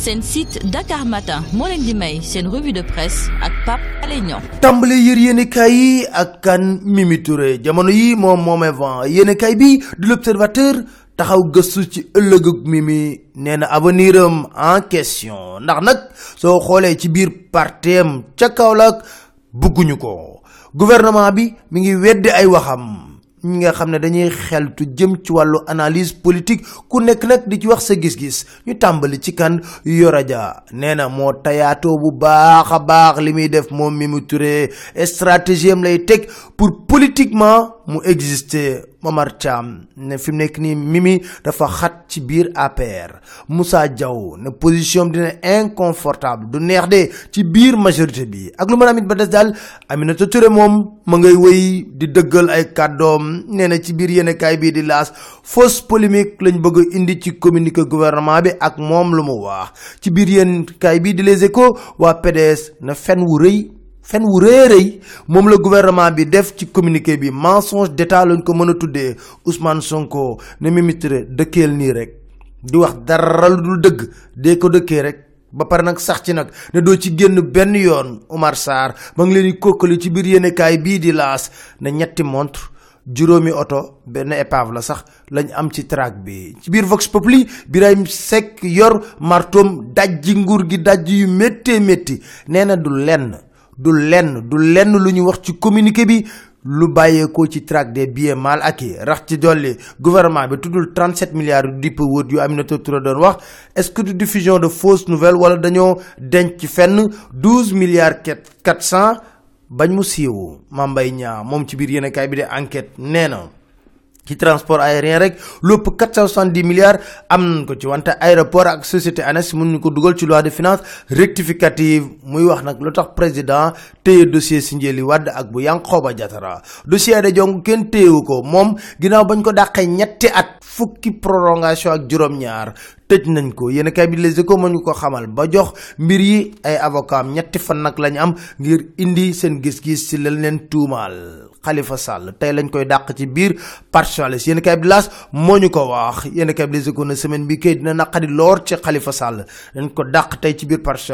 seen site Dakar Matin moo leen di may seen revue de presse ak Pape Alé Niang. tàmbale yër yéenekaay yi ak kan Mimi Touré jamono yi moom moomee vent yéenekaay bi du l'Observateur taxaw gëstu ci ëllëgug Mimi nee na avenir am en question ndax nag soo xoolee ci biir parteem ca Kaolack bugguñu ko gouvernement bi mi ngi weddi ay waxam. ñi nga xam ne dañuy xeltu jëm ci wàllu analyse politique ku nekk nag di ci wax sa gis-gis ñu tàmbali ci kan yor a Dia nee na moo tayaatoo bu baax a baax li muy def moom Mimi Touré stratégie am lay teg pour politiquement mu existé Omar Thiam ne fi mu nekk nii Mimi dafa xat ci biir APR Moussa Diaw ne position dina inconfortable du neex de ci biir majorité bi ak lu mën amit ba des daal Aminata Touré moom ma ngay wéy di dëggal ay kàddoom nee na ci biir yenn kaay bii di laas fausse polémique lañ bëgg indi ci communiqué gouvernement bi ak moom lu mu wax ci biir yenn kaay bii di les échos waa PDS na fen wu rëy fen wu rëy moom la gouvernement bi def ci communiqué bi mensonge d'état lañ ko mën a tuddee Ousmane Sonko ne mimitre Touré dëkkeel nii rek di wax dara lu dul dëgg dee ko dëkkee rek ba pare nag sax ci nag ne doo ci génn benn yoon Omar Sarr ba ngi leen di kokkali ci biir yéenekaay bii di laas ne ñetti montre juróomi oto benn épave la sax lañ am ci traque bi ci biir Vox Populi Birahim Seck yor martoom dajji nguur gi dajj yu méttee métti nee na du lenn du lenn du lenn lu ñu wax ci communiqué bi lu bàyyeekoo ci traque des billets ak acquis rax ci dolli gouvernement bi tuddul 37 milliards yu dipp wóot yu Aminata Touré doon wax est-ce que du diffusion de fausses nouvelles wala dañoo denc ci fenn 12 milliards 400 bañ mu siiw Mame Mbaye moom ci biir yéenekaay bi de enquête nee na. ci transport aérien rek lépp 470 milliards am nañ ko ci wante aéroport ak société ANAS mun ñu ko dugal ci loi de finances rectificative muy wax nag lu tax président téye dossier Sindiély wàdd ak bu Yankhoba Diattara dossier Aïda Ndiongue kenn téyewu ko moom ginnaaw bañ ko dàqee ñetti at fukki prolongation ak juróom-ñaar tëj nañ ko yéen kay bi Les Échos moo ñu ko xamal ba jox mbir yi ay avocat am ñetti fan nag lañ am ngir indi seen gis-gis ci lañ leen tuumaal xalifa Sall tey lañ koy dàq ci biir parti socialiste yéen kay bi moo ñu ko waax yéen kay bi les économies semaine bi këy dina naqadi lool ci xalifa Sall dañ ko dàq tey ci biir parti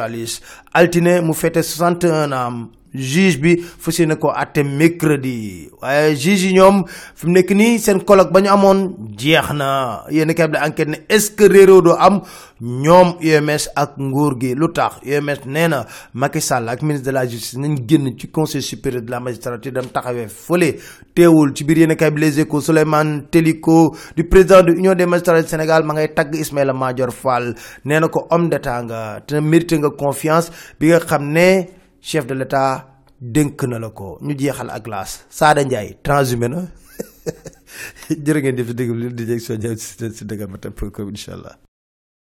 altine mu fete 61 ans juge bi fas yéene ko àtte mercredi waaye juge yi ñoom fi mu nekk nii seen colloque ba ñu amoon jeex na yéen kay bi enquête ne est-ce que réeróo doo am ñoom UMS ak nguur gi lu tax UMS nee na Macky Sall ak ministre de la justice nañ génn ci conseil supérieur de la magistrature dem taxawee fële teewul ci biir yéen kay bi les échos Souleymane Teliko du président de l'union des magistrats Sénégal ma ngay tagg Ismaïla Madior Fall nee na ko homme d'état nga te nga confiance bi nga xam ne. chef de l'État dénk na la ko ñu jeexal a glace Sada Ndiaye transhumé na jërë ngeen def di déglu di jeg soo ñëw si dëgg ba tey pour incha allah.